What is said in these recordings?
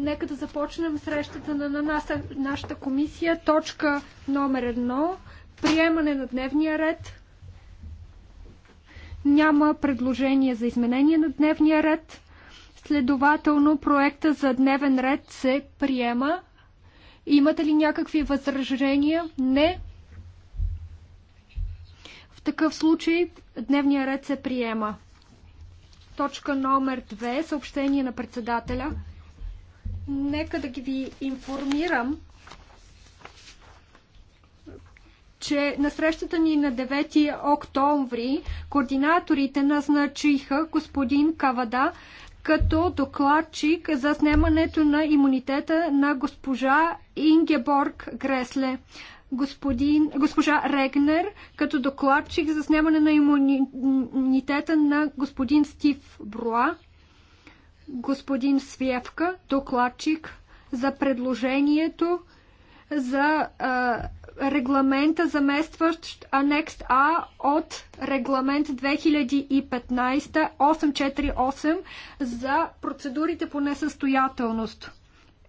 Нека да започнем срещата на, на наша, нашата комисия. Точка номер едно. Приемане на дневния ред. Няма предложение за изменение на дневния ред. Следователно, проекта за дневен ред се приема. Имате ли някакви възражения? Не. В такъв случай дневния ред се приема. Точка номер две Съобщение на председателя. Нека да ги ви информирам, че на срещата ни на 9 октомври координаторите назначиха господин Кавада като докладчик за снемането на имунитета на госпожа Ингеборг Гресле. Господин, госпожа Регнер като докладчик за снемане на имунитета на господин Стив Бруа господин Свевка, докладчик, за предложението за а, регламента заместващ анекс А от регламент 2015-848 за процедурите по несъстоятелност.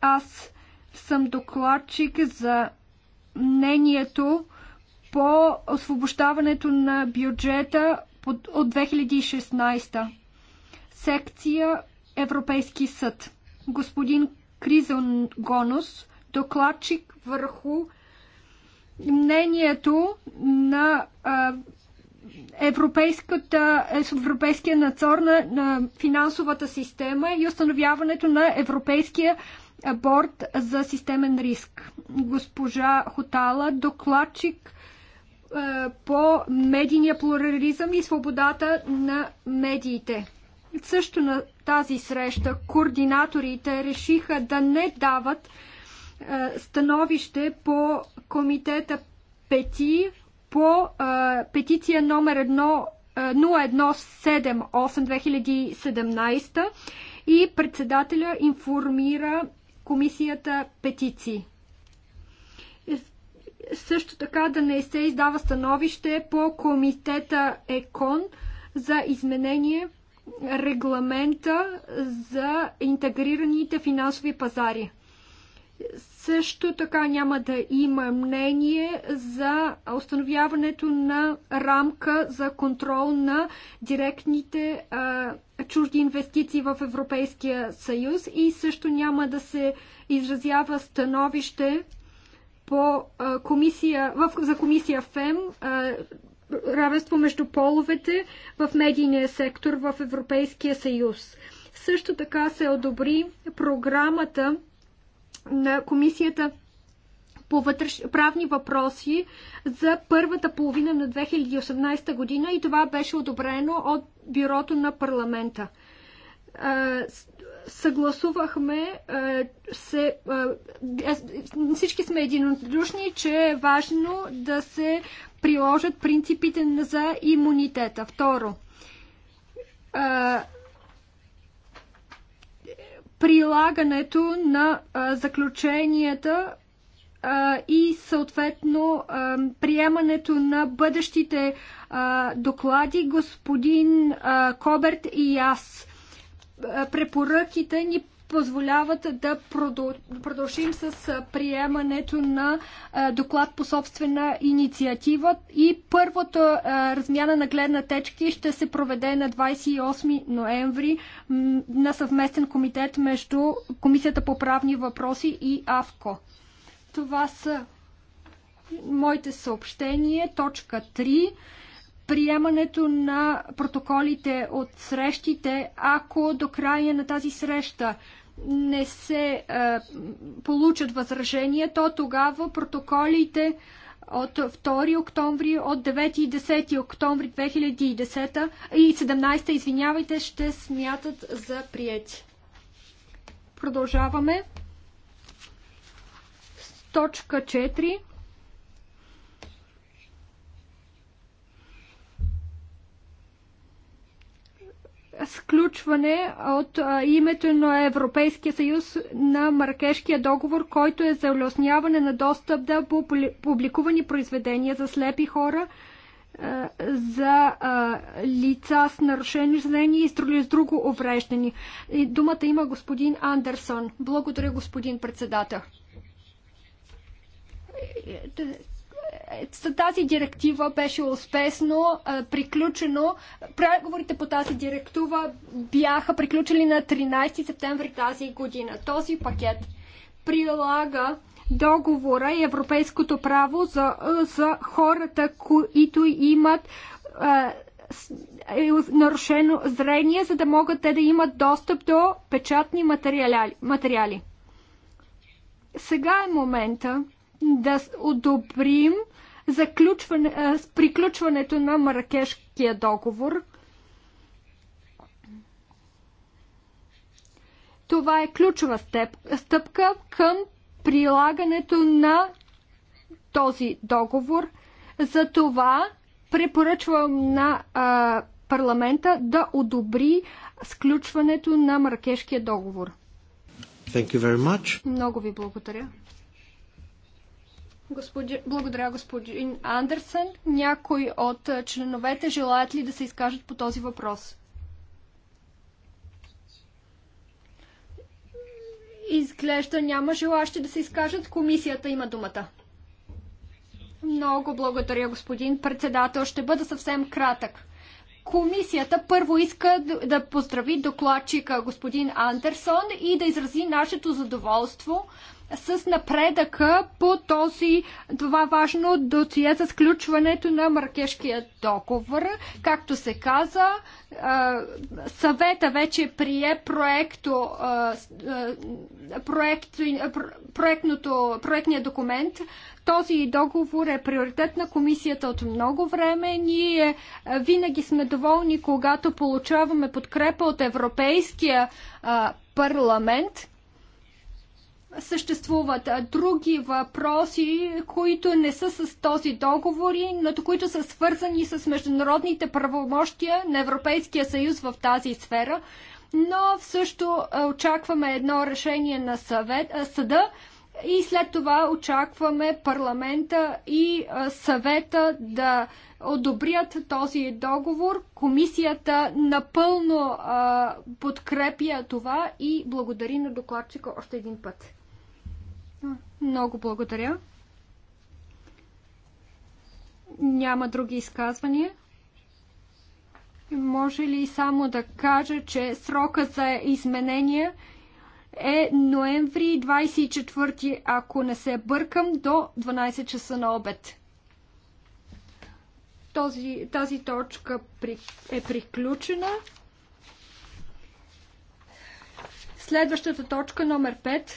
Аз съм докладчик за мнението по освобождаването на бюджета от 2016 секция Европейски съд. Господин Кризон Гонус, докладчик върху мнението на а, европейската, е, европейския надзор на, на финансовата система и установяването на Европейския борт за системен риск. Госпожа Хотала, докладчик по медийния плурализъм и свободата на медиите. Също на тази среща координаторите решиха да не дават е, становище по комитета Пети по е, петиция номер 1 0178-2017 е, и председателя информира комисията петиции. Също така да не се издава становище по комитета ЕКОН за изменение регламента за интегрираните финансови пазари. Също така няма да има мнение за установяването на рамка за контрол на директните а, чужди инвестиции в Европейския съюз и също няма да се изразява становище по а, комисия, в, за комисия ФЕМ а, равенство между половете в медийния сектор в Европейския съюз. Също така се одобри програмата на комисията по вътреш... правни въпроси за първата половина на 2018 година и това беше одобрено от бюрото на парламента съгласувахме е, се, е, всички сме единодушни, че е важно да се приложат принципите за имунитета. Второ, е, прилагането на заключенията и съответно приемането на бъдещите доклади господин Коберт и аз – препоръките ни позволяват да продължим с приемането на доклад по собствена инициатива и първата размяна на гледна течки ще се проведе на 28 ноември на съвместен комитет между Комисията по правни въпроси и АВКО. Това са моите съобщения. Точка 3 приемането на протоколите от срещите, ако до края на тази среща не се е, получат възражения, то тогава протоколите от 2 октомври, от 9 и 10 октомври 2010 и 17, извинявайте, ще смятат за приети. Продължаваме. С точка 4. сключване от името на Европейския съюз на Маркешкия договор, който е за улесняване на достъп до публикувани произведения за слепи хора, за лица с нарушени зрение и с друго увреждане. Думата има господин Андерсон. Благодаря, господин председател. Е, тази директива беше успешно приключено. Преговорите по тази директива бяха приключили на 13 септември тази година. Този пакет прилага договора и европейското право за, за хората, които имат е, нарушено зрение, за да могат те да имат достъп до печатни материали. Сега е момента да одобрим заключване, с приключването на Маракешкия договор. Това е ключова степ, стъпка към прилагането на този договор. За това препоръчвам на а, парламента да одобри сключването на Маракешкия договор. Thank you very much. Много ви благодаря. Господи... Благодаря, господин Андерсен. Някой от членовете желаят ли да се изкажат по този въпрос? Изглежда няма желащи да се изкажат. Комисията има думата. Много благодаря, господин председател. Ще бъда съвсем кратък. Комисията първо иска да поздрави докладчика господин Андерсон и да изрази нашето задоволство, с напредъка по този, това важно дотие за сключването на Маркешкия договор. Както се каза, съвета вече прие проекто, проект, проектното, проектния документ. Този договор е приоритет на комисията от много време. Ние винаги сме доволни, когато получаваме подкрепа от Европейския парламент – съществуват други въпроси, които не са с този договор, но които са свързани с международните правомощия на Европейския съюз в тази сфера. Но също очакваме едно решение на съвет, съда и след това очакваме парламента и съвета да одобрят този договор. Комисията напълно подкрепя това и благодари на докладчика още един път. Много благодаря. Няма други изказвания. Може ли само да кажа, че срока за изменения е ноември 24, ако не се бъркам, до 12 часа на обед. Този, тази точка при, е приключена. Следващата точка, номер 5.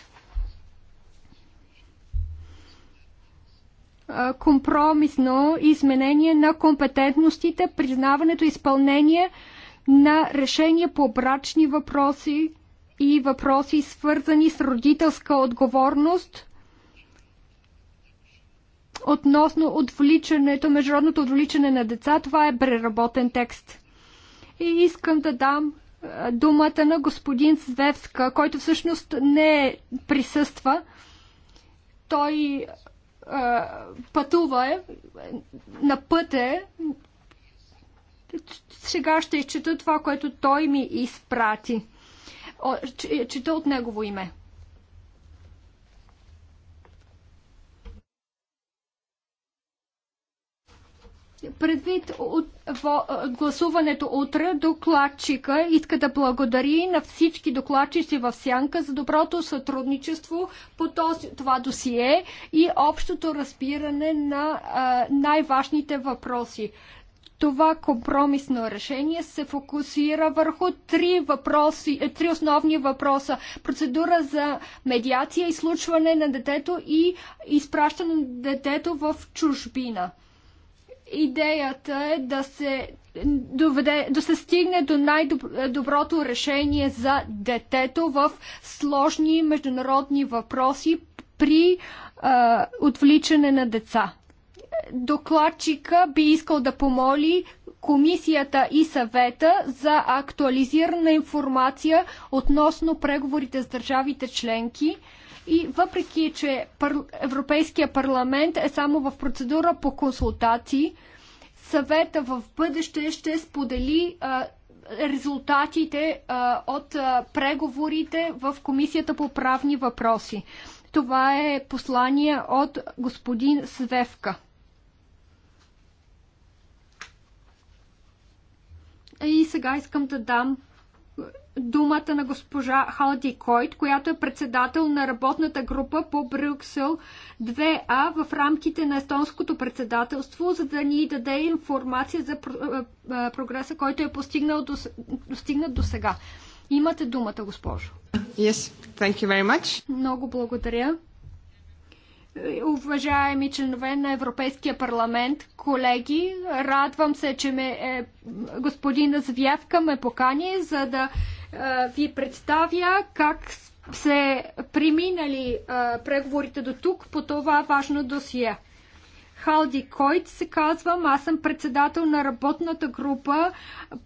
компромисно изменение на компетентностите, признаването и изпълнение на решения по брачни въпроси и въпроси свързани с родителска отговорност относно отвличането, международното отвличане на деца. Това е преработен текст. И искам да дам думата на господин Звевска, който всъщност не присъства. Той пътува, е, на път е. Сега ще изчета това, което той ми изпрати. Чета от негово име. Предвид от, гласуването утре, докладчика иска да благодари на всички докладчици в Сянка за доброто сътрудничество по този, това досие и общото разбиране на най-важните въпроси. Това компромисно решение се фокусира върху три, въпроси, е, три основни въпроса. Процедура за медиация, изслушване на детето и изпращане на детето в чужбина. Идеята е да се, доведе, да се стигне до най-доброто решение за детето в сложни международни въпроси при а, отвличане на деца. Докладчика би искал да помоли комисията и съвета за актуализирана информация относно преговорите с държавите членки, и въпреки, че Европейския парламент е само в процедура по консултации, съвета в бъдеще ще сподели а, резултатите а, от а, преговорите в Комисията по правни въпроси. Това е послание от господин Свевка. И сега искам да дам думата на госпожа Халди Койт, която е председател на работната група по Брюксел 2А в рамките на естонското председателство, за да ни даде информация за прогреса, който е постигнал до, достигнат до сега. Имате думата, госпожо. Yes, thank you very much. Много благодаря. Уважаеми членове на Европейския парламент, колеги, радвам се, че ме, е, господина Звявка ме покани, за да е, ви представя как се преминали е, преговорите до тук по това важно досие. Халди Койт се казвам, аз съм председател на работната група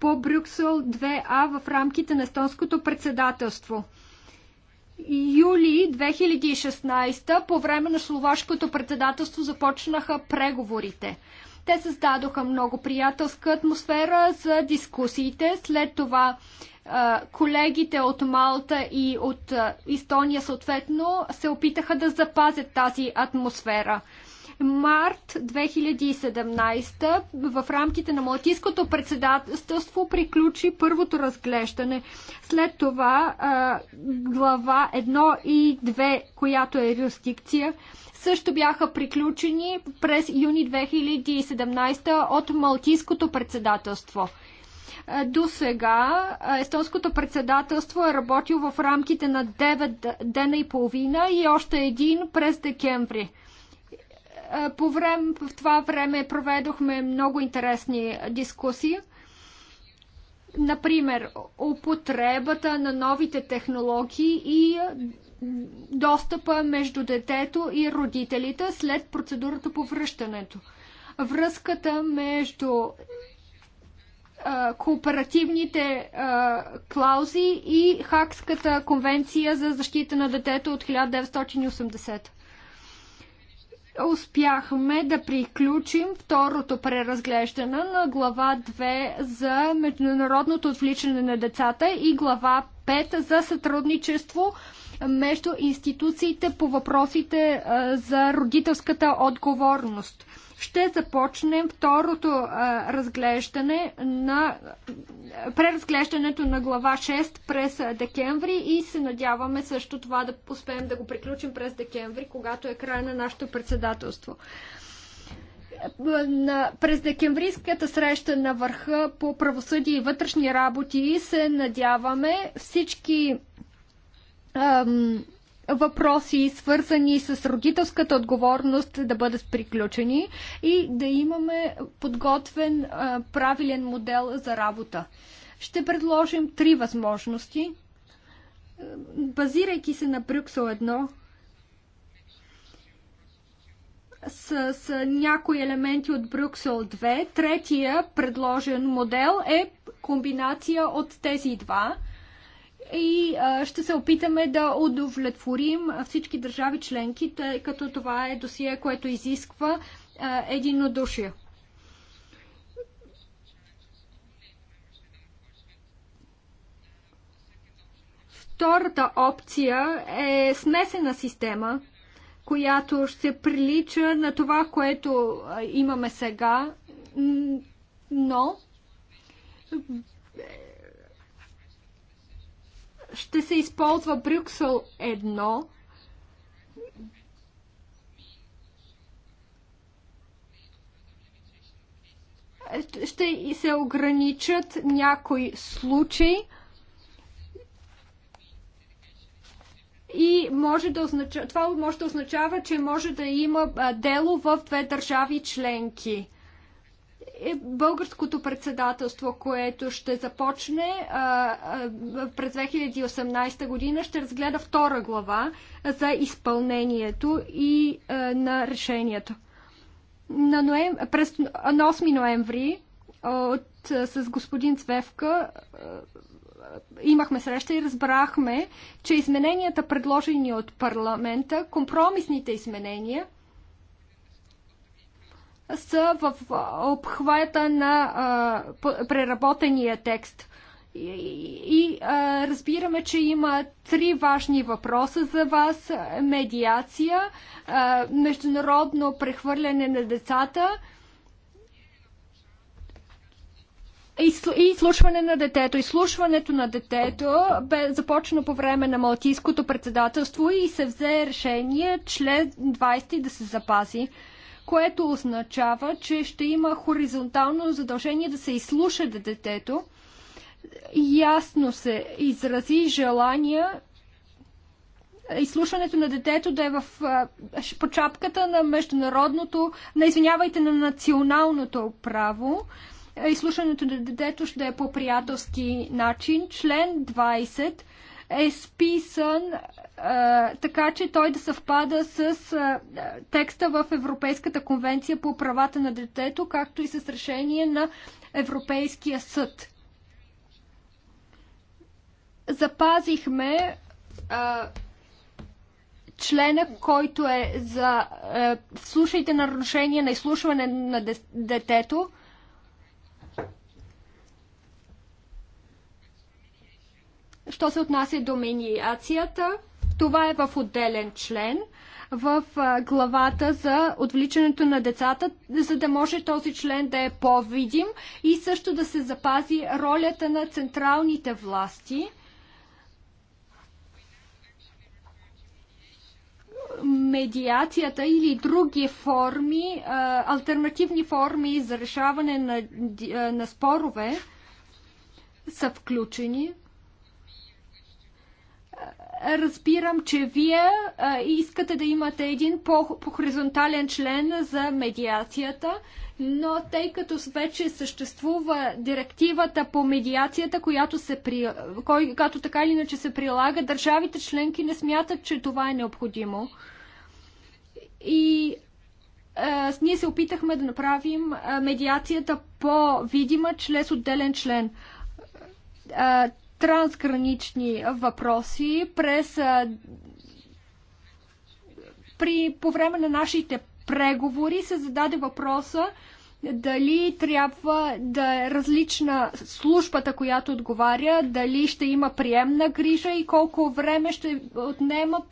по Брюксел 2А в рамките на естонското председателство юли 2016 по време на словашкото председателство започнаха преговорите. Те създадоха много приятелска атмосфера за дискусиите. След това колегите от Малта и от Естония съответно се опитаха да запазят тази атмосфера март 2017 в рамките на Малтийското председателство приключи първото разглеждане. След това глава 1 и 2, която е юрисдикция, също бяха приключени през юни 2017 от Малтийското председателство. До сега естонското председателство е работил в рамките на 9 дена и половина и още един през декември. Е, по време, в това време проведохме много интересни дискусии. Например, употребата на новите технологии и достъпа между детето и родителите след процедурата по връщането. Връзката между а, е, кооперативните а, е, клаузи и Хакската конвенция за защита на детето от 1980 успяхме да приключим второто преразглеждане на глава 2 за международното отвличане на децата и глава 5 за сътрудничество между институциите по въпросите за родителската отговорност ще започнем второто а, разглеждане на преразглеждането на глава 6 през декември и се надяваме също това да успеем да го приключим през декември, когато е край на нашето председателство на, през декемврийската среща на върха по правосъдие и вътрешни работи се надяваме всички ам, въпроси, свързани с родителската отговорност, да бъдат приключени и да имаме подготвен правилен модел за работа. Ще предложим три възможности. Е, базирайки се на Брюксел 1, с, с някои елементи от Брюксел 2. Третия предложен модел е комбинация от тези два и а, ще се опитаме да удовлетворим всички държави членки, тъй като това е досие, което изисква а, единодушие. Втората опция е смесена система, която ще прилича на това, което имаме сега, но ще се използва Брюксел 1, ще се ограничат някои случаи и може да означава, това може да означава, че може да има дело в две държави членки е българското председателство, което ще започне а, а, през 2018 година, ще разгледа втора глава за изпълнението и а, на решението. На ноем... през... на 8 ноември от, с господин Цвевка имахме среща и разбрахме, че измененията, предложени от парламента, компромисните изменения – са в обхвата на а, преработения текст. И, и а, разбираме, че има три важни въпроса за вас. Медиация, а, международно прехвърляне на децата и изслушване на детето. Изслушването на детето бе започна по време на Малтийското председателство и се взе решение член 20 да се запази което означава, че ще има хоризонтално задължение да се изслуша детето. Ясно се изрази желание изслушването на детето да е в почапката на международното, на извинявайте, на националното право. Изслушването на детето ще е по приятелски начин. Член 20 е списан така че той да съвпада с текста в Европейската конвенция по правата на детето, както и с решение на Европейския съд. Запазихме а, члена, който е за а, в на нарушение на изслушване на детето. Що се отнася до миниацията, това е в отделен член в главата за отвличането на децата, за да може този член да е по-видим и също да се запази ролята на централните власти. медиацията или други форми, альтернативни форми за решаване на, на спорове са включени разбирам, че вие искате да имате един по-хоризонтален по член за медиацията, но тъй като вече съществува директивата по медиацията, която, се при... като така или иначе се прилага, държавите членки не смятат, че това е необходимо. И а, ние се опитахме да направим медиацията по-видима чрез отделен член. А, трансгранични въпроси през при, по време на нашите преговори се зададе въпроса дали трябва да е различна службата, която отговаря, дали ще има приемна грижа и колко време ще отнема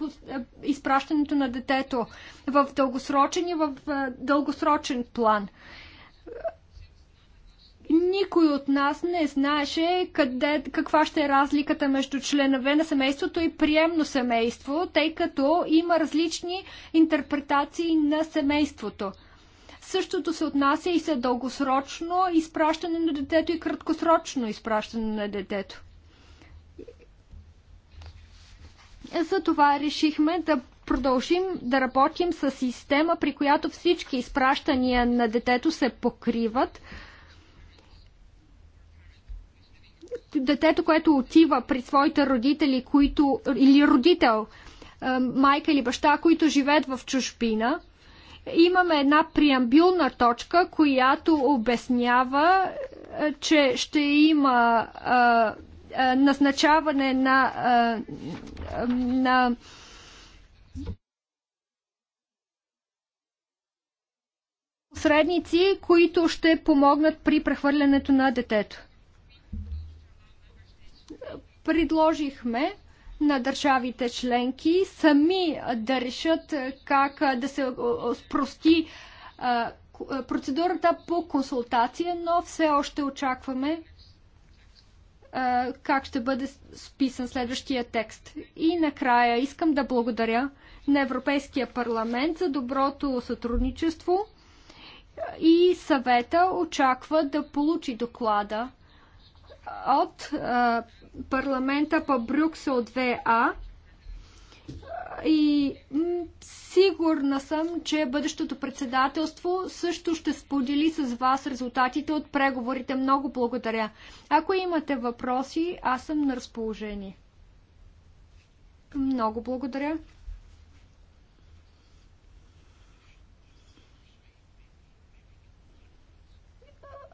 изпращането на детето в дългосрочен и в дългосрочен план. Никой от нас не знаеше къде, каква ще е разликата между членове на семейството и приемно семейство, тъй като има различни интерпретации на семейството. Същото се отнася и за дългосрочно изпращане на детето и краткосрочно изпращане на детето. Затова решихме да продължим да работим с система, при която всички изпращания на детето се покриват – детето, което отива при своите родители, които, или родител, е, майка или баща, които живеят в чужбина, имаме една преамбилна точка, която обяснява, е, че ще има е, назначаване на, на средници, които ще помогнат при прехвърлянето на детето предложихме на държавите членки сами да решат е, как е, да се е, спрости процедурата по консултация, но все още очакваме как ще бъде списан следващия текст. И накрая искам да благодаря на Европейския парламент за доброто сътрудничество и съвета очаква да получи доклада от парламента по Брюксел 2А и сигурна съм, че бъдещото председателство също ще сподели с вас резултатите от преговорите. Много благодаря. Ако имате въпроси, аз съм на разположение. Много благодаря.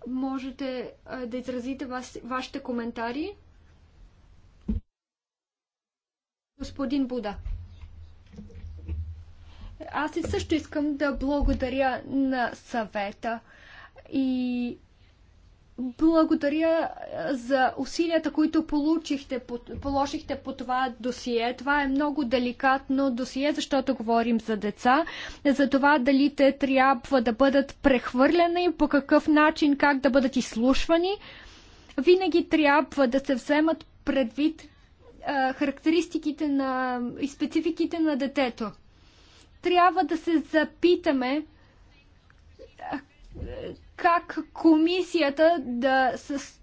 Можете да изразите вашите коментари. Господин Буда. Аз и също искам да благодаря на съвета и благодаря за усилията, които получихте, положихте по това досие. Това е много деликатно досие, защото говорим за деца, за това дали те трябва да бъдат прехвърляни, по какъв начин, как да бъдат изслушвани. Винаги трябва да се вземат предвид а, характеристиките на и спецификите на детето. Трябва да се запитаме как комисията да, с,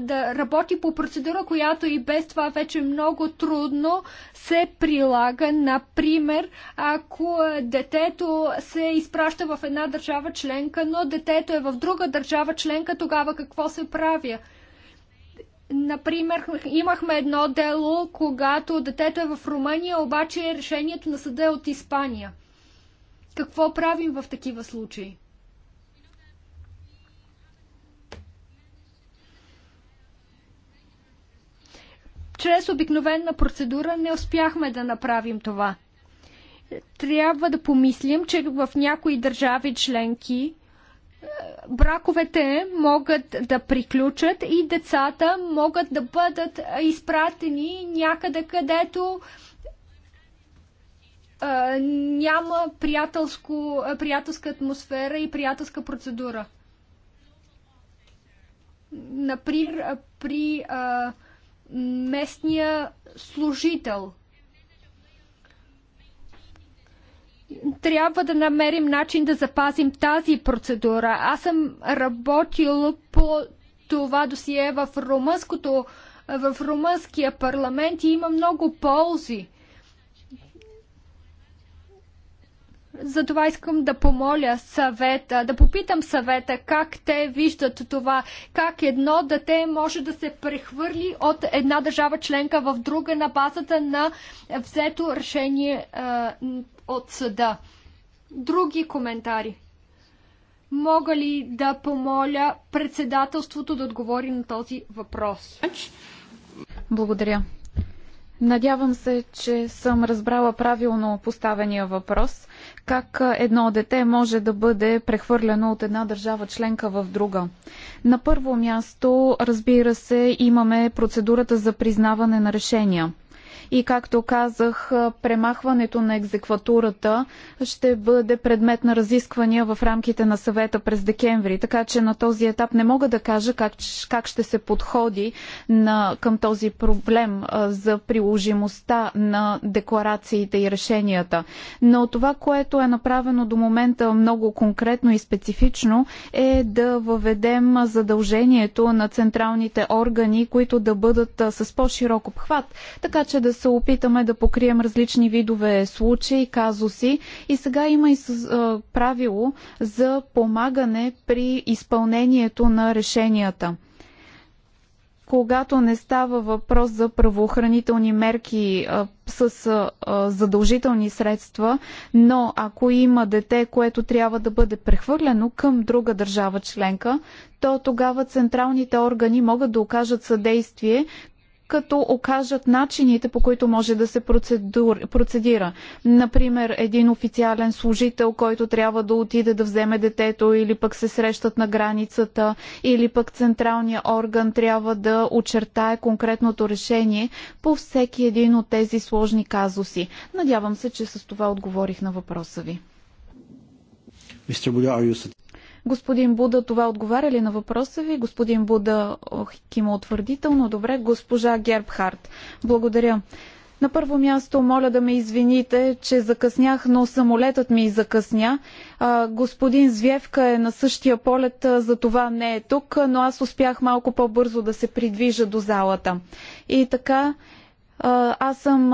да работи по процедура, която и без това вече много трудно се прилага. Например, ако детето се изпраща в една държава членка, но детето е в друга държава членка, тогава какво се прави? Например, имахме едно дело, когато детето е в Румъния, обаче е решението на съда е от Испания. Какво правим в такива случаи? Чрез обикновена процедура не успяхме да направим това. Трябва да помислим, че в някои държави членки браковете могат да приключат и децата могат да бъдат изпратени някъде, където няма приятелско, приятелска атмосфера и приятелска процедура. Например, при а, местния служител трябва да намерим начин да запазим тази процедура. Аз съм работил по това досие в румънското, в румънския парламент и има много ползи. Затова искам да помоля съвета, да попитам съвета как те виждат това, как едно дете може да се прехвърли от една държава членка в друга на базата на взето решение от съда. Други коментари. Мога ли да помоля председателството да отговори на този въпрос? Благодаря. Надявам се, че съм разбрала правилно поставения въпрос. Как едно дете може да бъде прехвърлено от една държава членка в друга? На първо място, разбира се, имаме процедурата за признаване на решения и, както казах, премахването на екзекватурата ще бъде предмет на разисквания в рамките на съвета през декември. Така че на този етап не мога да кажа как, как ще се подходи на, към този проблем а, за приложимостта на декларациите и решенията. Но това, което е направено до момента много конкретно и специфично, е да въведем задължението на централните органи, които да бъдат с по-широк обхват, така че да се опитаме да покрием различни видове случаи, казуси. И сега има и правило за помагане при изпълнението на решенията когато не става въпрос за правоохранителни мерки а, с а, задължителни средства, но ако има дете, което трябва да бъде прехвърлено към друга държава членка, то тогава централните органи могат да окажат съдействие, като окажат начините по които може да се процедур, процедира. Например, един официален служител, който трябва да отиде да вземе детето или пък се срещат на границата или пък централния орган трябва да очертае конкретното решение по всеки един от тези сложни казуси. Надявам се, че с това отговорих на въпроса ви. Господин Буда, това отговаря ли на въпроса ви? Господин Буда кима утвърдително. Добре, госпожа Гербхарт. Благодаря. На първо място, моля да ме извините, че закъснях, но самолетът ми закъсня. А, господин Звевка е на същия полет, за това не е тук, но аз успях малко по-бързо да се придвижа до залата. И така, аз съм,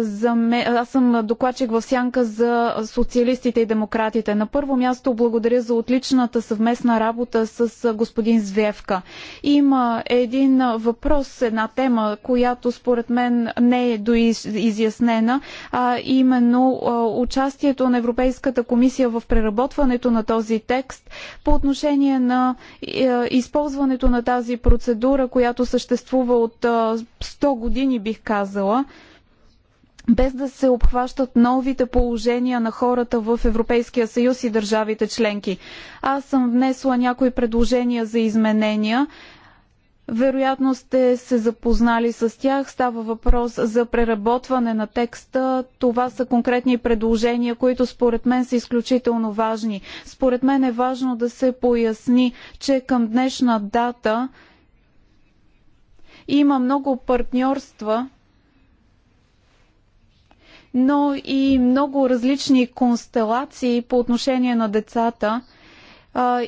заме... Аз съм докладчик в сянка за социалистите и демократите. На първо място благодаря за отличната съвместна работа с господин Звевка. Има един въпрос, една тема, която според мен не е доизяснена, а именно участието на Европейската комисия в преработването на този текст по отношение на е, използването на тази процедура, която съществува от 100 години, бих казал казала, без да се обхващат новите положения на хората в Европейския съюз и държавите членки. Аз съм внесла някои предложения за изменения. Вероятно сте се запознали с тях. Става въпрос за преработване на текста. Това са конкретни предложения, които според мен са изключително важни. Според мен е важно да се поясни, че към днешна дата има много партньорства, но и много различни констелации по отношение на децата –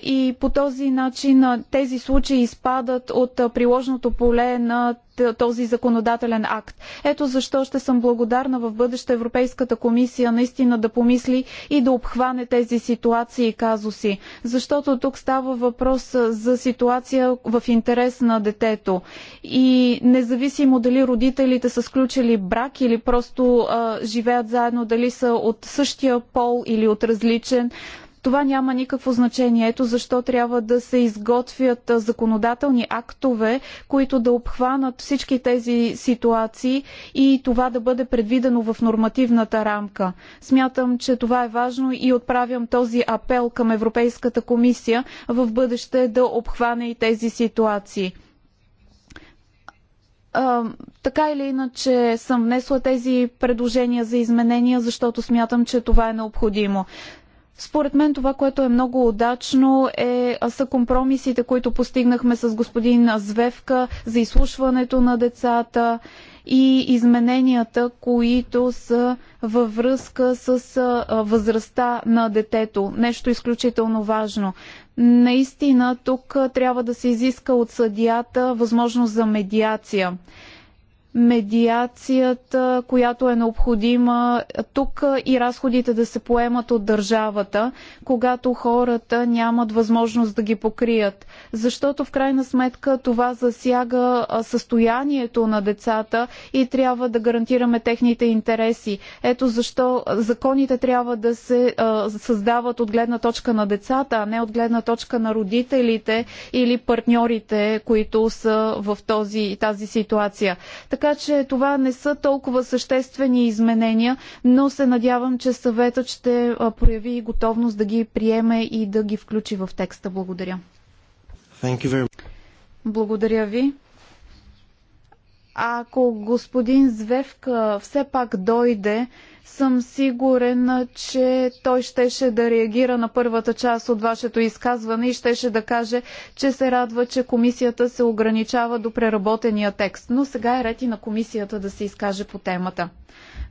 и по този начин тези случаи изпадат от приложното поле на този законодателен акт. Ето защо ще съм благодарна в бъдеще Европейската комисия наистина да помисли и да обхване тези ситуации и казуси. Защото тук става въпрос за ситуация в интерес на детето. И независимо дали родителите са сключили брак или просто а, живеят заедно, дали са от същия пол или от различен, това няма никакво значение. Ето защо трябва да се изготвят законодателни актове, които да обхванат всички тези ситуации и това да бъде предвидено в нормативната рамка. Смятам, че това е важно и отправям този апел към Европейската комисия в бъдеще да обхване и тези ситуации така или иначе съм внесла тези предложения за изменения, защото смятам, че това е необходимо. Според мен това, което е много удачно е, са компромисите, които постигнахме с господин Звевка за изслушването на децата и измененията, които са във връзка с възрастта на детето. Нещо изключително важно. Наистина тук трябва да се изиска от съдията възможност за медиация медиацията, която е необходима тук и разходите да се поемат от държавата, когато хората нямат възможност да ги покрият. Защото в крайна сметка това засяга състоянието на децата и трябва да гарантираме техните интереси. Ето защо законите трябва да се създават от гледна точка на децата, а не от гледна точка на родителите или партньорите, които са в този, тази ситуация. Така така че това не са толкова съществени изменения, но се надявам, че съветът ще прояви готовност да ги приеме и да ги включи в текста. Благодаря. Благодаря ви. Ако господин Звевка все пак дойде, съм сигурен, че той щеше да реагира на първата част от вашето изказване и щеше да каже, че се радва, че комисията се ограничава до преработения текст. Но сега е ред и на комисията да се изкаже по темата.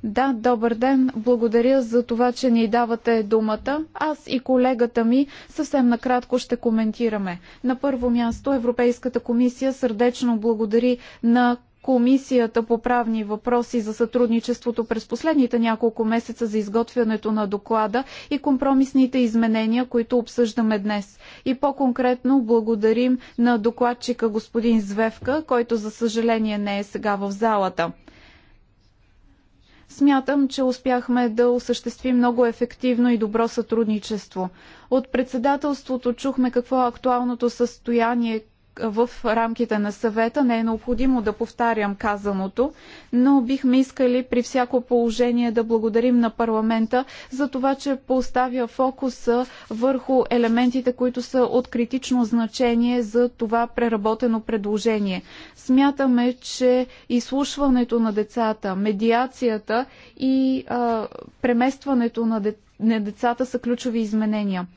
Да, добър ден. Благодаря за това, че ни давате думата. Аз и колегата ми съвсем накратко ще коментираме. На първо място Европейската комисия сърдечно благодари на Комисията по правни въпроси за сътрудничеството през последните няколко месеца за изготвянето на доклада и компромисните изменения, които обсъждаме днес. И по-конкретно благодарим на докладчика господин Звевка, който за съжаление не е сега в залата. Смятам, че успяхме да осъществим много ефективно и добро сътрудничество. От председателството чухме какво е актуалното състояние в рамките на съвета. Не е необходимо да повтарям казаното, но бихме искали при всяко положение да благодарим на парламента за това, че поставя фокуса върху елементите, които са от критично значение за това преработено предложение. Смятаме, че изслушването на децата, медиацията и а, преместването на децата на децата са ключови изменения.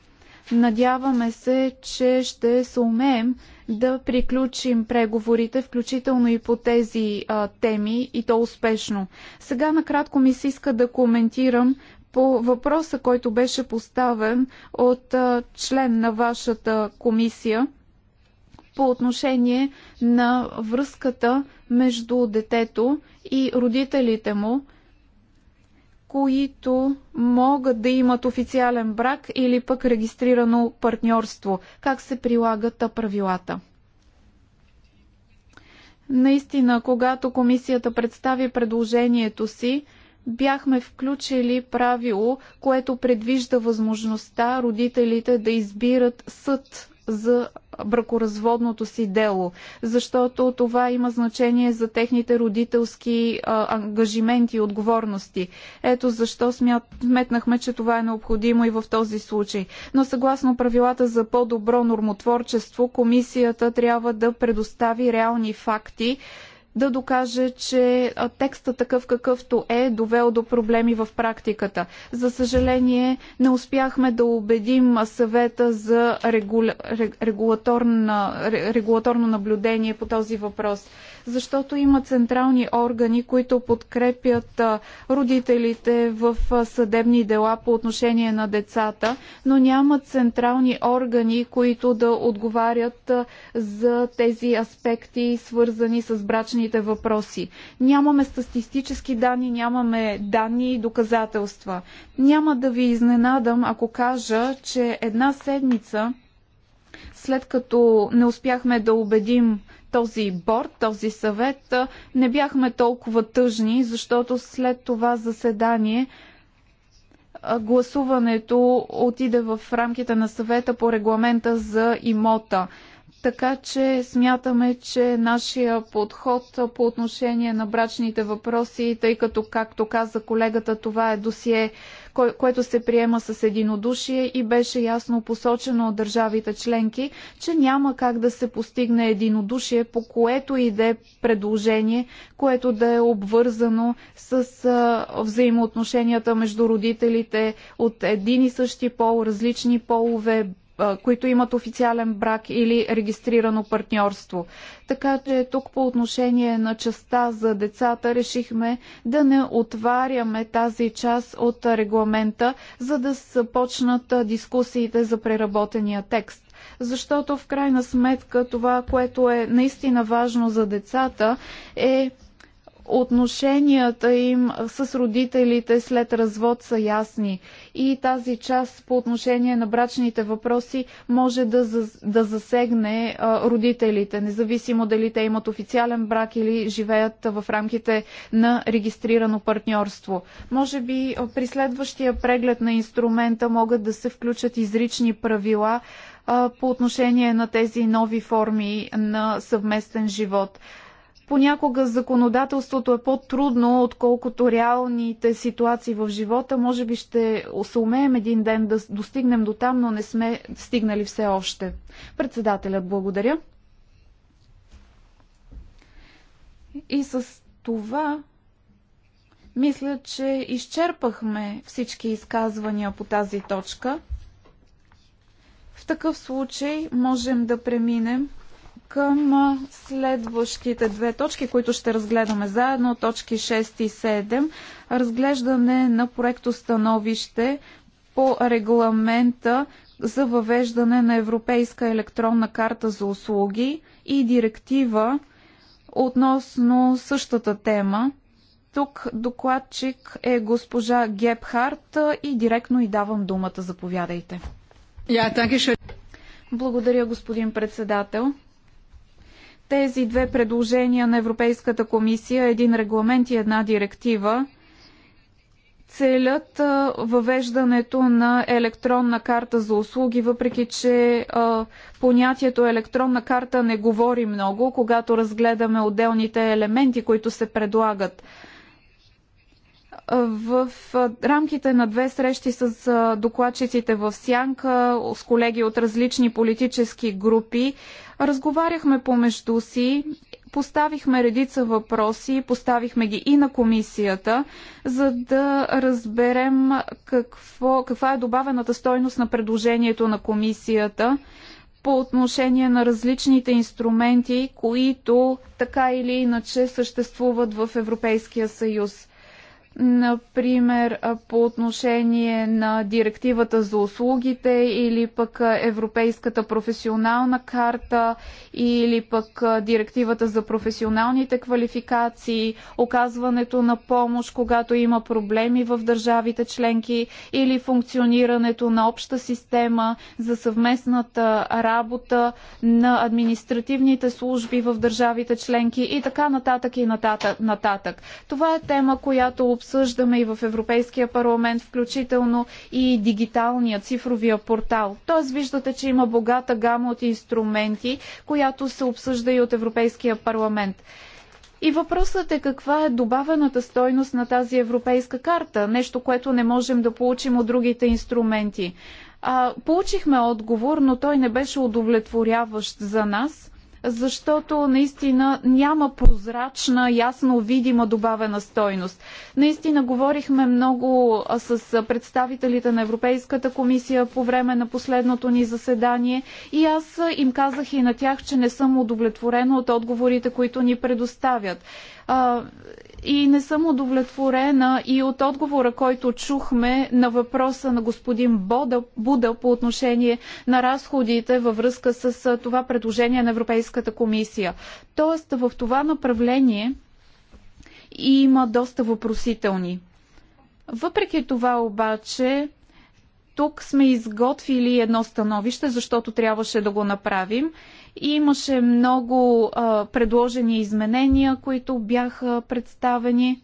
Надяваме се, че ще се умеем да приключим преговорите, включително и по тези а, теми, и то успешно. Сега накратко ми се иска да коментирам по въпроса, който беше поставен от а, член на вашата комисия по отношение на връзката между детето и родителите му които могат да имат официален брак или пък регистрирано партньорство. Как се прилагат правилата? Наистина, когато комисията представи предложението си, бяхме включили правило, което предвижда възможността родителите да избират съд за бракоразводното си дело, защото това има значение за техните родителски а, ангажименти и отговорности. Ето защо смят, сметнахме, че това е необходимо и в този случай. Но съгласно правилата за по-добро нормотворчество, комисията трябва да предостави реални факти, да докаже, че текста такъв какъвто е довел до проблеми в практиката. За съжаление, не успяхме да убедим съвета за регулаторно наблюдение по този въпрос защото има централни органи, които подкрепят родителите в съдебни дела по отношение на децата, но няма централни органи, които да отговарят за тези аспекти, свързани с брачни важните въпроси. Нямаме статистически данни, нямаме данни и доказателства. Няма да ви изненадам, ако кажа, че една седмица след като не успяхме да убедим този борт, този съвет, не бяхме толкова тъжни, защото след това заседание гласуването отиде в рамките на съвета по регламента за имота. Така че смятаме, че нашия подход по отношение на брачните въпроси, тъй като, както каза колегата, това е досие, кое, което се приема с единодушие и беше ясно посочено от държавите членки, че няма как да се постигне единодушие по което и да е предложение, което да е обвързано с взаимоотношенията между родителите от един и същи пол, различни полове, които имат официален брак или регистрирано партньорство. Така че тук по отношение на частта за децата решихме да не отваряме тази част от регламента, за да започнат дискусиите за преработения текст защото в крайна сметка това, което е наистина важно за децата, е отношенията им с родителите след развод са ясни. И тази част по отношение на брачните въпроси може да, да засегне родителите, независимо дали те имат официален брак или живеят в рамките на регистрирано партньорство. Може би при следващия преглед на инструмента могат да се включат изрични правила по отношение на тези нови форми на съвместен живот. Понякога законодателството е по-трудно, отколкото реалните ситуации в живота. Може би ще осумеем един ден да достигнем до там, но не сме стигнали все още. Председателят, благодаря. И с това мисля, че изчерпахме всички изказвания по тази точка. В такъв случай можем да преминем към следващите две точки, които ще разгледаме заедно, точки 6 и 7. Разглеждане на проектостановище по регламента за въвеждане на Европейска електронна карта за услуги и директива относно същата тема. Тук докладчик е госпожа Гепхарт и директно и давам думата. Заповядайте. Благодаря, господин председател тези две предложения на Европейската комисия, един регламент и една директива, целят въвеждането на електронна карта за услуги, въпреки че а, понятието електронна карта не говори много, когато разгледаме отделните елементи, които се предлагат в рамките на две срещи с докладчиците в Сянка, с колеги от различни политически групи, разговаряхме помежду си, поставихме редица въпроси, поставихме ги и на комисията, за да разберем какво, каква е добавената стойност на предложението на комисията по отношение на различните инструменти, които така или иначе съществуват в Европейския съюз например по отношение на директивата за услугите или пък Европейската професионална карта или пък директивата за професионалните квалификации, оказването на помощ, когато има проблеми в държавите членки или функционирането на обща система за съвместната работа на административните служби в държавите членки и така нататък и нататък. нататък. Това е тема, която обсъждаме обсъждаме и в Европейския парламент, включително и дигиталния цифровия портал. Тоест виждате, че има богата гама от инструменти, която се обсъжда и от Европейския парламент. И въпросът е каква е добавената стойност на тази европейска карта, нещо, което не можем да получим от другите инструменти. А, получихме отговор, но той не беше удовлетворяващ за нас защото наистина няма прозрачна, ясно видима добавена стойност. Наистина говорихме много с представителите на Европейската комисия по време на последното ни заседание и аз им казах и на тях, че не съм удовлетворена от отговорите, които ни предоставят и не съм удовлетворена и от отговора, който чухме на въпроса на господин Бода, Буда по отношение на разходите във връзка с това предложение на Европейската Европейската комисия. Тоест в това направление има доста въпросителни. Въпреки това обаче, тук сме изготвили едно становище, защото трябваше да го направим. И имаше много а, предложени изменения, които бяха представени.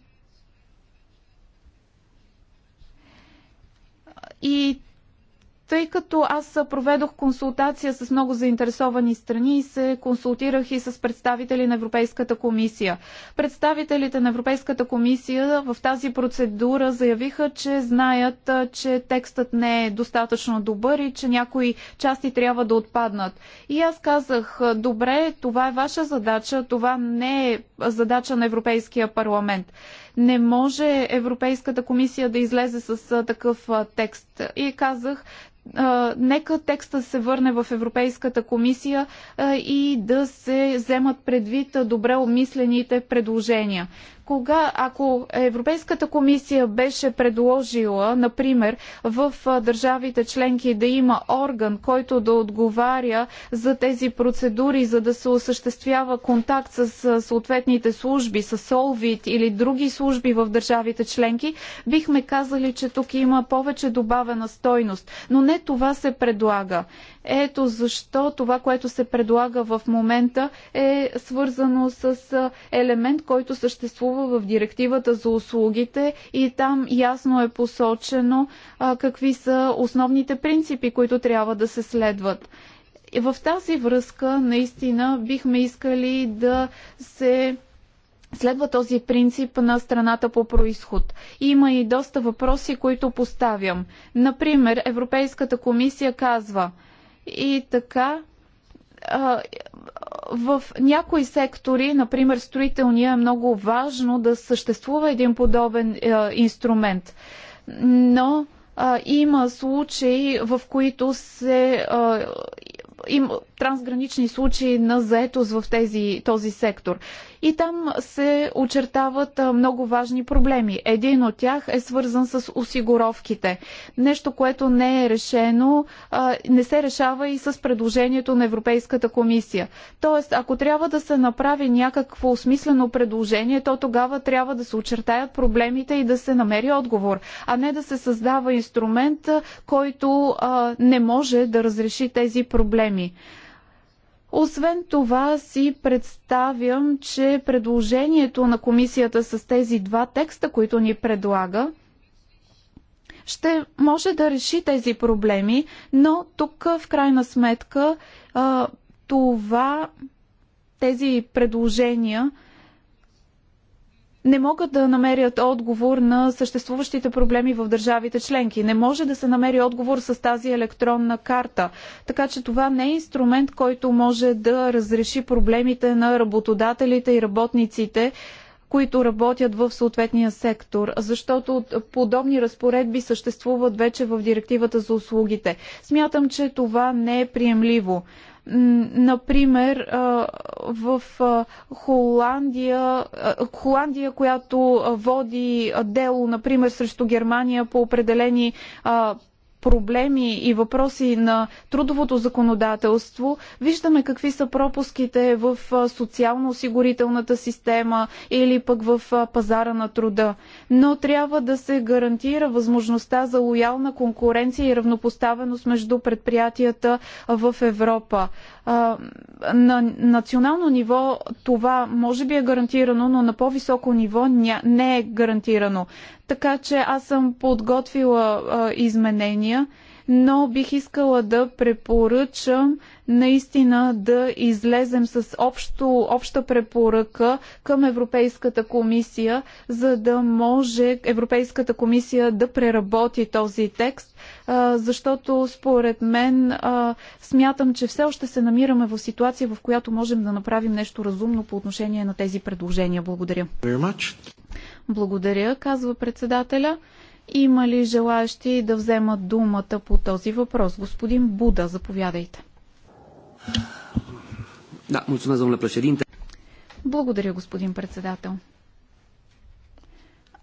И тъй като аз проведох консултация с много заинтересовани страни и се консултирах и с представители на Европейската комисия. Представителите на Европейската комисия в тази процедура заявиха, че знаят, че текстът не е достатъчно добър и че някои части трябва да отпаднат. И аз казах, добре, това е ваша задача, това не е задача на Европейския парламент. Не може Европейската комисия да излезе с такъв текст. И казах, нека текста се върне в Европейската комисия и да се вземат предвид добре обмислените предложения. Кога, ако Европейската комисия беше предложила, например, в държавите членки да има орган, който да отговаря за тези процедури, за да се осъществява контакт с съответните служби, с Solvit или други служби в държавите членки, бихме казали, че тук има повече добавена стойност. Но не това се предлага. Ето защо това, което се предлага в момента е свързано с елемент, който съществува съществува в директивата за услугите и там ясно е посочено а, какви са основните принципи, които трябва да се следват. И в тази връзка наистина бихме искали да се следва този принцип на страната по происход. Има и доста въпроси, които поставям. Например, Европейската комисия казва и така в някои сектори, например строителния, е много важно да съществува един подобен е, инструмент. Но има случаи, в които се им, трансгранични случаи на заетост в тези, този сектор. И там се очертават много важни проблеми. Един от тях е свързан с осигуровките. Нещо, което не е решено, не се решава и с предложението на Европейската комисия. Тоест, ако трябва да се направи някакво осмислено предложение, то тогава трябва да се очертаят проблемите и да се намери отговор, а не да се създава инструмент, който не може да разреши тези проблеми. Освен това си представям, че предложението на комисията с тези два текста, които ни предлага, ще може да реши тези проблеми, но тук в крайна сметка това тези предложения не могат да намерят отговор на съществуващите проблеми в държавите членки. Не може да се намери отговор с тази електронна карта. Така че това не е инструмент, който може да разреши проблемите на работодателите и работниците, които работят в съответния сектор, защото подобни разпоредби съществуват вече в директивата за услугите. Смятам, че това не е приемливо. Например, в Холандия, Холандия, която води дело, например, срещу Германия по определени проблеми и въпроси на трудовото законодателство, виждаме какви са пропуските в социално-осигурителната система или пък в пазара на труда. Но трябва да се гарантира възможността за лоялна конкуренция и равнопоставеност между предприятията в Европа. На национално ниво това може би е гарантирано, но на по-високо ниво не е гарантирано. Така че аз съм подготвила а, изменения, но бих искала да препоръчам наистина да излезем с общо, обща препоръка към Европейската комисия, за да може Европейската комисия да преработи този текст, защото според мен смятам, че все още се намираме в ситуация, в която можем да направим нещо разумно по отношение на тези предложения. Благодаря. Благодаря, казва председателя. Има ли желаящи да вземат думата по този въпрос? Господин Буда, заповядайте. Да, мулțumesc, domnule președinte. Благодаря, господин председател.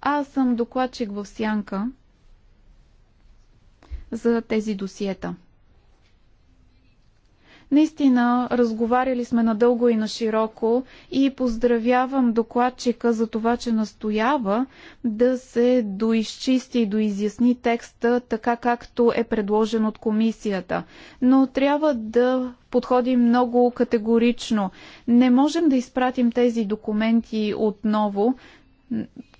Аз съм докладчик в Сянка за тези досиета – Наистина, разговаряли сме надълго и на широко и поздравявам докладчика за това, че настоява да се доизчисти и доизясни текста така, както е предложен от комисията. Но трябва да подходим много категорично. Не можем да изпратим тези документи отново,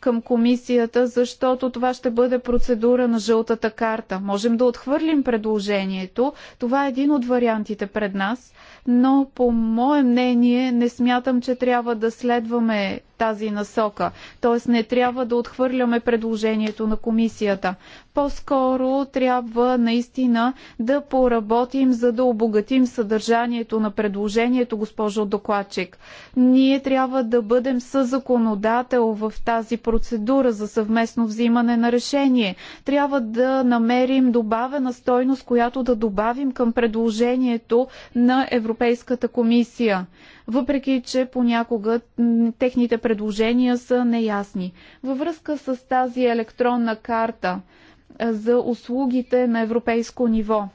към комисията, защото това ще бъде процедура на жълтата карта. Можем да отхвърлим предложението. Това е един от вариантите пред нас, но по мое мнение не смятам, че трябва да следваме тази насока. Тоест не трябва да отхвърляме предложението на комисията. По-скоро трябва наистина да поработим, за да обогатим съдържанието на предложението, госпожо докладчик. Ние трябва да бъдем съзаконодател в тази процедура процедура за съвместно взимане на решение. Трябва да намерим добавена стойност, която да добавим към предложението на Европейската комисия. Въпреки, че понякога техните предложения са неясни. Във връзка с тази електронна карта за услугите на европейско ниво.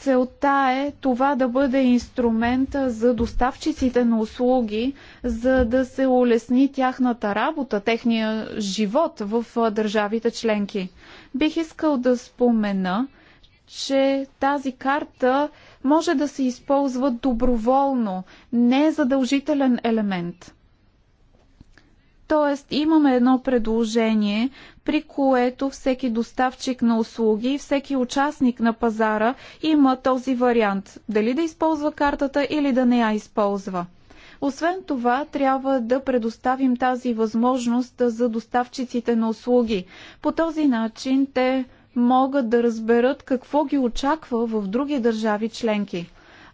Целта е това да бъде инструмента за доставчиците на услуги, за да се улесни тяхната работа, техния живот в държавите членки. Бих искал да спомена, че тази карта може да се използва доброволно, не е задължителен елемент. Тоест имаме едно предложение, при което всеки доставчик на услуги и всеки участник на пазара има този вариант дали да използва картата или да не я използва. Освен това, трябва да предоставим тази възможност за доставчиците на услуги. По този начин те могат да разберат какво ги очаква в други държави членки.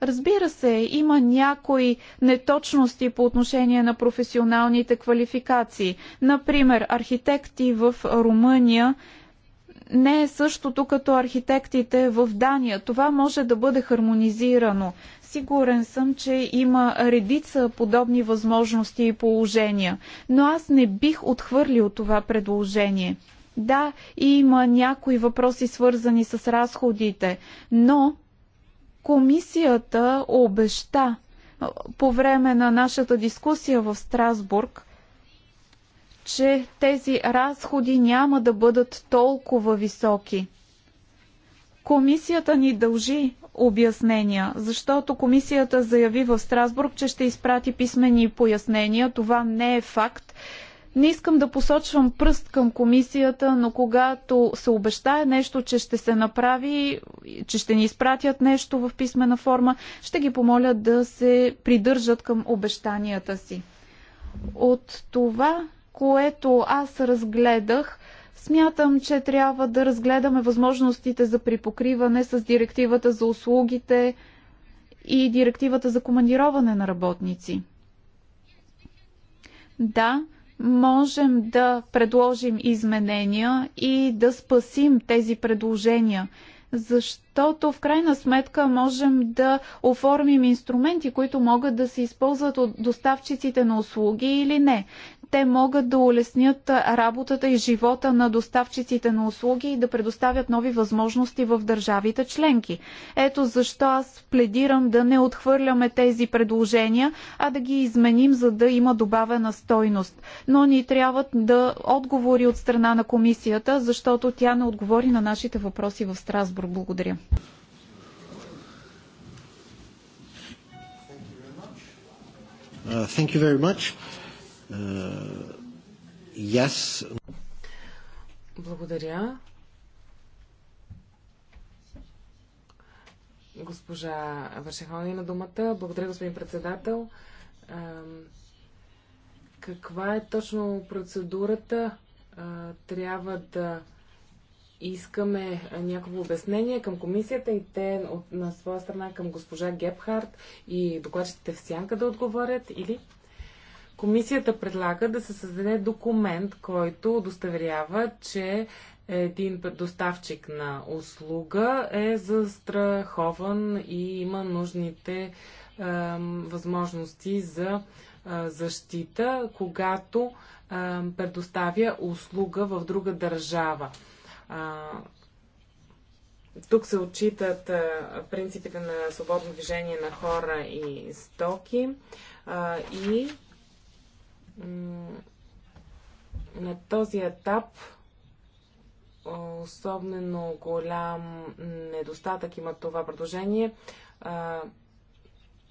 Разбира се, има някои неточности по отношение на професионалните квалификации. Например, архитекти в Румъния не е същото като архитектите в Дания. Това може да бъде хармонизирано. Сигурен съм, че има редица подобни възможности и положения, но аз не бих отхвърлил това предложение. Да, има някои въпроси свързани с разходите, но Комисията обеща по време на нашата дискусия в Страсбург, че тези разходи няма да бъдат толкова високи. Комисията ни дължи обяснения, защото комисията заяви в Страсбург, че ще изпрати писмени пояснения. Това не е факт. Не искам да посочвам пръст към комисията, но когато се обещае нещо, че ще се направи, че ще ни изпратят нещо в писмена форма, ще ги помоля да се придържат към обещанията си. От това, което аз разгледах, Смятам, че трябва да разгледаме възможностите за припокриване с директивата за услугите и директивата за командироване на работници. Да, можем да предложим изменения и да спасим тези предложения защото в крайна сметка можем да оформим инструменти, които могат да се използват от доставчиците на услуги или не. Те могат да улеснят работата и живота на доставчиците на услуги и да предоставят нови възможности в държавите членки. Ето защо аз пледирам да не отхвърляме тези предложения, а да ги изменим, за да има добавена стойност. Но ни трябва да отговори от страна на комисията, защото тя не отговори на нашите въпроси в Страсбург. Благодаря. Uh, thank you very much. Е, Благодаря. Госпожа Вършехони на думата. Благодаря, господин председател. Каква е точно процедурата? Трябва да искаме някакво обяснение към комисията и те от, на своя страна към госпожа Гепхарт и докладчите в сянка да отговорят или Комисията предлага да се създаде документ, който удостоверява, че един доставчик на услуга е застрахован и има нужните е, възможности за е, защита, когато е, предоставя услуга в друга държава. Тук се отчитат принципите на свободно движение на хора и стоки и на този етап особено голям недостатък има това предложение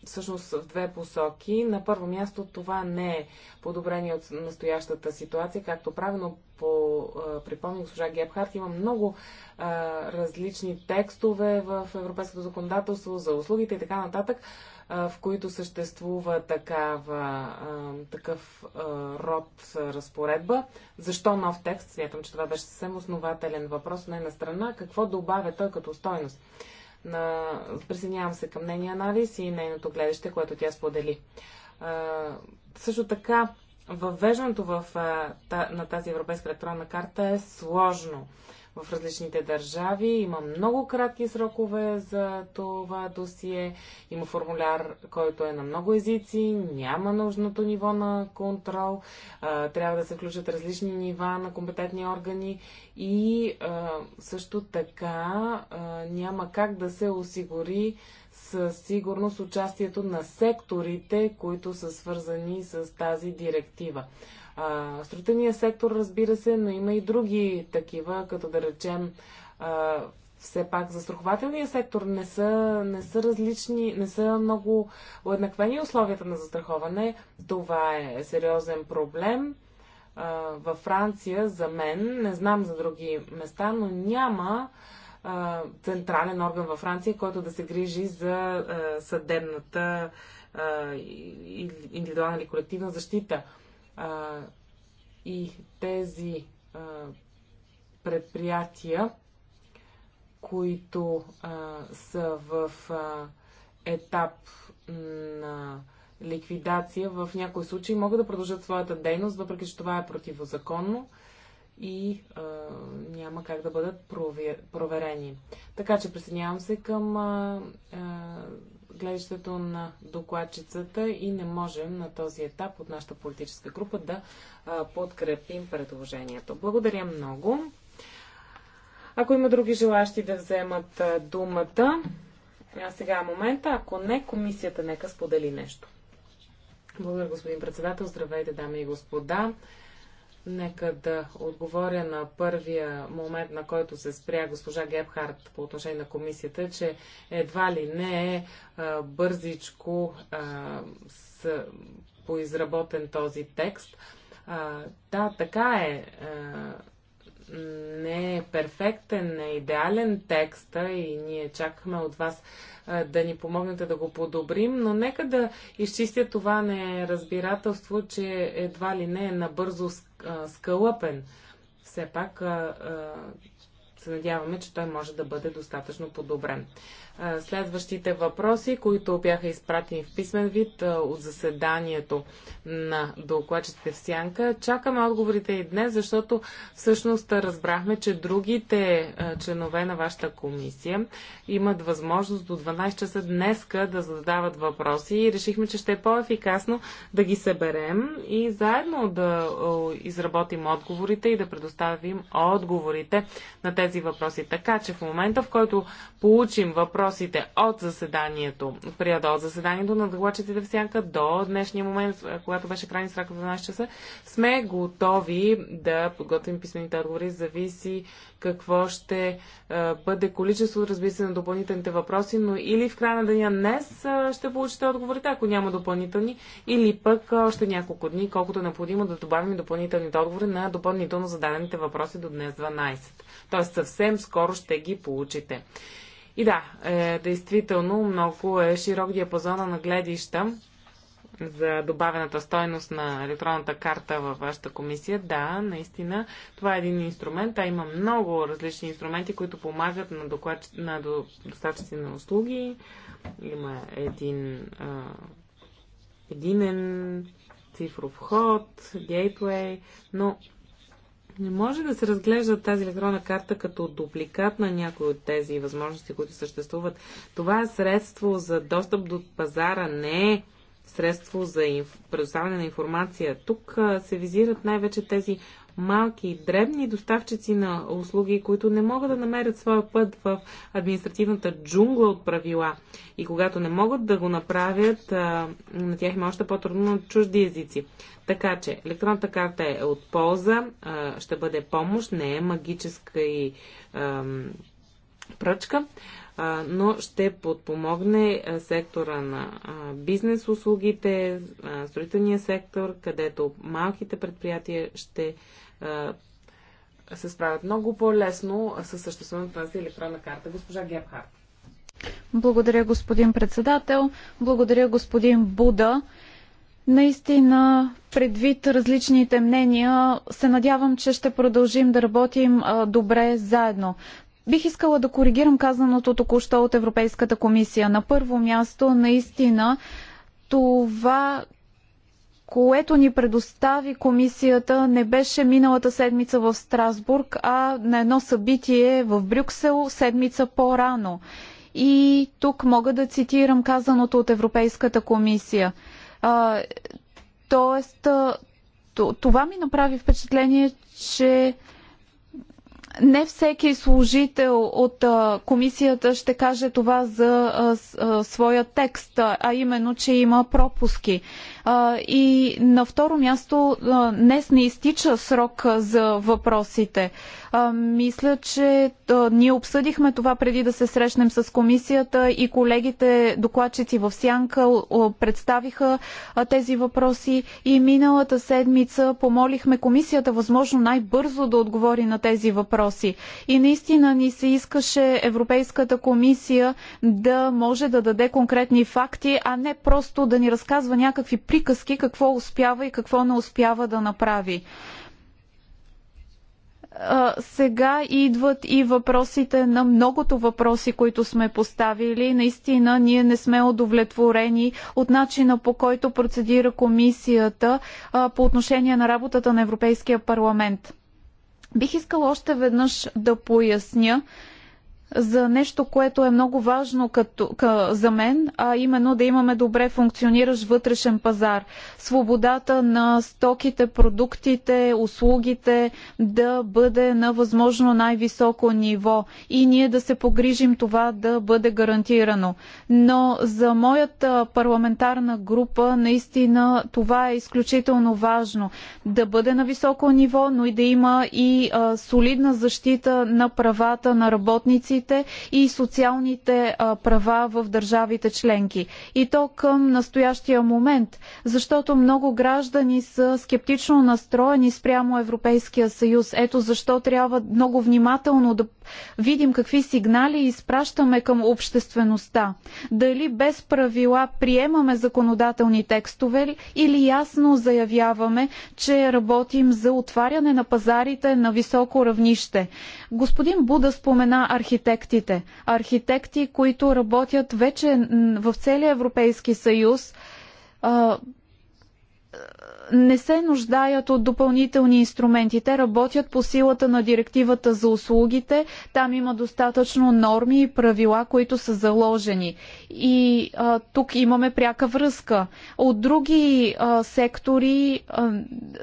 всъщност в две посоки. На първо място това не е подобрение от настоящата ситуация. Както правилно по, припомни госпожа Гебхарт, има много а, различни текстове в европейското законодателство за услугите и така нататък, а, в които съществува такава, а, такъв а, род а, разпоредба. Защо нов текст? Смятам, че това беше съвсем основателен въпрос, не на страна. Какво добавя той като стойност? на... Присъединявам се към нейния анализ и нейното гледаще, което тя сподели. А, също така, въвеждането в, на тази европейска електронна карта е сложно в различните държави. Има много кратки срокове за това досие. Има формуляр, който е на много езици. Няма нужното ниво на контрол. Трябва да се включат различни нива на компетентни органи. И също така няма как да се осигури със сигурност участието на секторите, които са свързани с тази директива а, строителния сектор, разбира се, но има и други такива, като да речем а, все пак застрахователния сектор не са, не са различни, не са много уеднаквени условията на застраховане. Това е сериозен проблем. А, във Франция, за мен, не знам за други места, но няма централен орган във Франция, който да се грижи за съдебната индивидуална или колективна защита а, и тези а, предприятия, които а, са в а, етап на ликвидация, в някои случаи могат да продължат своята дейност, въпреки че това е противозаконно и а, няма как да бъдат провер... проверени. Така че присъединявам се към а, а, гледащето на докладчицата и не можем на този етап от нашата политическа група да подкрепим предложението. Благодаря много. Ако има други желащи да вземат думата, а сега е момента. Ако не, комисията нека сподели нещо. Благодаря, господин председател. Здравейте, дами и господа. Нека да отговоря на първия момент, на който се спря госпожа Гебхарт по отношение на комисията, че едва ли не е а, бързичко а, с, поизработен този текст. А, да, така е. А, не е перфектен, не е идеален текст, и ние чакаме от вас да ни помогнете да го подобрим, но нека да изчистя това неразбирателство, че едва ли не е набързо Скълъпен. Все пак се надяваме, че той може да бъде достатъчно подобрен следващите въпроси, които бяха изпратени в писмен вид от заседанието на докладчите в Сянка. Чакаме отговорите и днес, защото всъщност разбрахме, че другите членове на вашата комисия имат възможност до 12 часа днеска да задават въпроси и решихме, че ще е по-ефикасно да ги съберем и заедно да изработим отговорите и да предоставим отговорите на тези въпроси. Така че в момента, в който получим въпрос въпросите от заседанието, прияда от заседанието на докладчетите в сянка до днешния момент, когато беше крайни срок 12 часа, сме готови да подготвим писмените отговори. Зависи какво ще бъде количество, разбира се, на допълнителните въпроси, но или в края на деня днес ще получите отговорите, ако няма допълнителни, или пък още няколко дни, колкото е необходимо да добавим допълнителните отговори на допълнително зададените въпроси до днес 12. Тоест съвсем скоро ще ги получите. И да, е, действително много е широк диапазона на гледища за добавената стойност на електронната карта във вашата комисия. Да, наистина, това е един инструмент, а има много различни инструменти, които помагат на, доклад, на достатъчни на услуги. Има един а, единен цифров ход, гейтвей, но не може да се разглежда тази електронна карта като дупликат на някои от тези възможности, които съществуват. Това е средство за достъп до пазара, не е средство за инф... предоставяне на информация. Тук а, се визират най-вече тези малки, дребни доставчици на услуги, които не могат да намерят своя път в административната джунгла от правила. И когато не могат да го направят, а, на тях има още по-трудно на чужди езици. Така че електронната карта е от полза, ще бъде помощ, не е магическа и пръчка, но ще подпомогне сектора на бизнес услугите, строителния сектор, където малките предприятия ще се справят много по-лесно с съществуването на тази електронна карта. Госпожа Гебхарт. Благодаря, господин председател. Благодаря, господин Буда, Наистина, предвид различните мнения, се надявам, че ще продължим да работим добре заедно. Бих искала да коригирам казаното току-що от Европейската комисия. На първо място, наистина, това, което ни предостави комисията не беше миналата седмица в Страсбург, а на едно събитие в Брюксел седмица по-рано. И тук мога да цитирам казаното от Европейската комисия тоест, това ми направи впечатление, че не всеки служител от комисията ще каже това за своя текст, а именно, че има пропуски. И на второ място, днес не изтича срок за въпросите. Мисля, че ние обсъдихме това преди да се срещнем с комисията и колегите докладчици в Сянка представиха тези въпроси и миналата седмица помолихме комисията възможно най-бързо да отговори на тези въпроси въпроси. И наистина ни се искаше Европейската комисия да може да даде конкретни факти, а не просто да ни разказва някакви приказки какво успява и какво не успява да направи сега идват и въпросите на многото въпроси, които сме поставили. Наистина, ние не сме удовлетворени от начина по който процедира комисията по отношение на работата на Европейския парламент. Бих искала още веднъж да поясня, за нещо, което е много важно като, къ, за мен, а именно да имаме добре функциониращ вътрешен пазар. Свободата на стоките, продуктите, услугите да бъде на възможно най-високо ниво и ние да се погрижим това да бъде гарантирано. Но за моята парламентарна група наистина това е изключително важно. Да бъде на високо ниво, но и да има и а, солидна защита на правата на работници работниците и социалните права в държавите членки. И то към настоящия момент, защото много граждани са скептично настроени спрямо Европейския съюз. Ето защо трябва много внимателно да видим какви сигнали изпращаме към обществеността. Дали без правила приемаме законодателни текстове или ясно заявяваме, че работим за отваряне на пазарите на високо равнище. Господин Буда спомена архитектите. Архитекти, които работят вече в целия Европейски съюз не се нуждаят от допълнителни инструменти. Те работят по силата на директивата за услугите. Там има достатъчно норми и правила, които са заложени. И а, тук имаме пряка връзка. От други а, сектори а,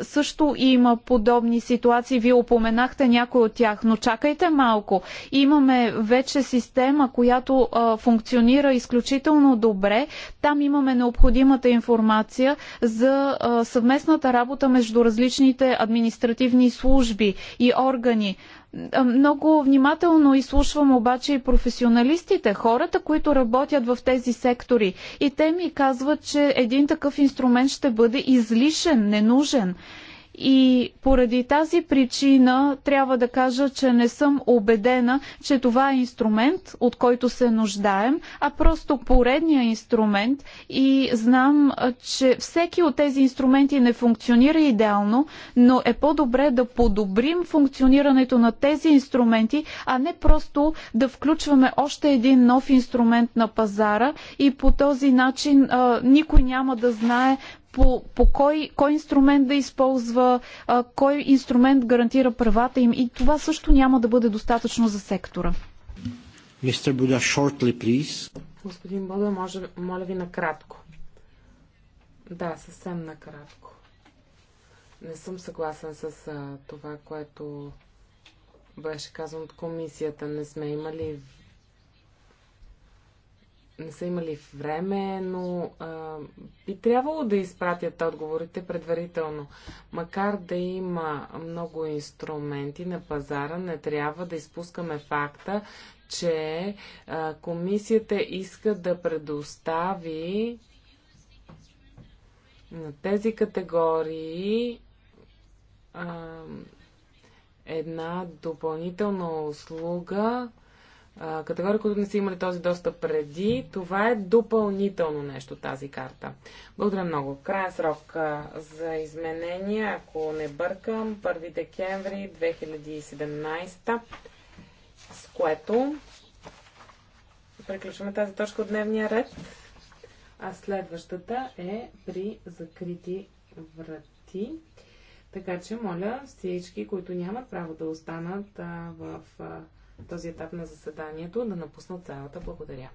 също има подобни ситуации. Вие упоменахте някой от тях, но чакайте малко. Имаме вече система, която а, функционира изключително добре. Там имаме необходимата информация за а, съвместно съвместната работа между различните административни служби и органи. Много внимателно изслушвам обаче и професионалистите, хората, които работят в тези сектори. И те ми казват, че един такъв инструмент ще бъде излишен, ненужен. И поради тази причина трябва да кажа, че не съм убедена, че това е инструмент, от който се нуждаем, а просто поредния инструмент. И знам, че всеки от тези инструменти не функционира идеално, но е по-добре да подобрим функционирането на тези инструменти, а не просто да включваме още един нов инструмент на пазара и по този начин а, никой няма да знае по, по кой, кой инструмент да използва, а, кой инструмент гарантира правата им и това също няма да бъде достатъчно за сектора. Мистер Буда, shortly, please. Господин Буда, може, моля ви накратко. Да, съвсем накратко. Не съм съгласен с а, това, което беше казано от комисията. Не сме имали не са имали време, но а, би трябвало да изпратят отговорите предварително. Макар да има много инструменти на пазара, не трябва да изпускаме факта, че а, комисията иска да предостави на тези категории а, една допълнителна услуга, Категория, които не са имали този достъп преди. Това е допълнително нещо, тази карта. Благодаря много. Крайен срок за изменения, ако не бъркам, 1 декември 2017, с което приключваме тази точка от дневния ред. А следващата е при закрити врати. Така че, моля, всички, които нямат право да останат а, в. А, този етап на заседанието да напуснат залата. Благодаря.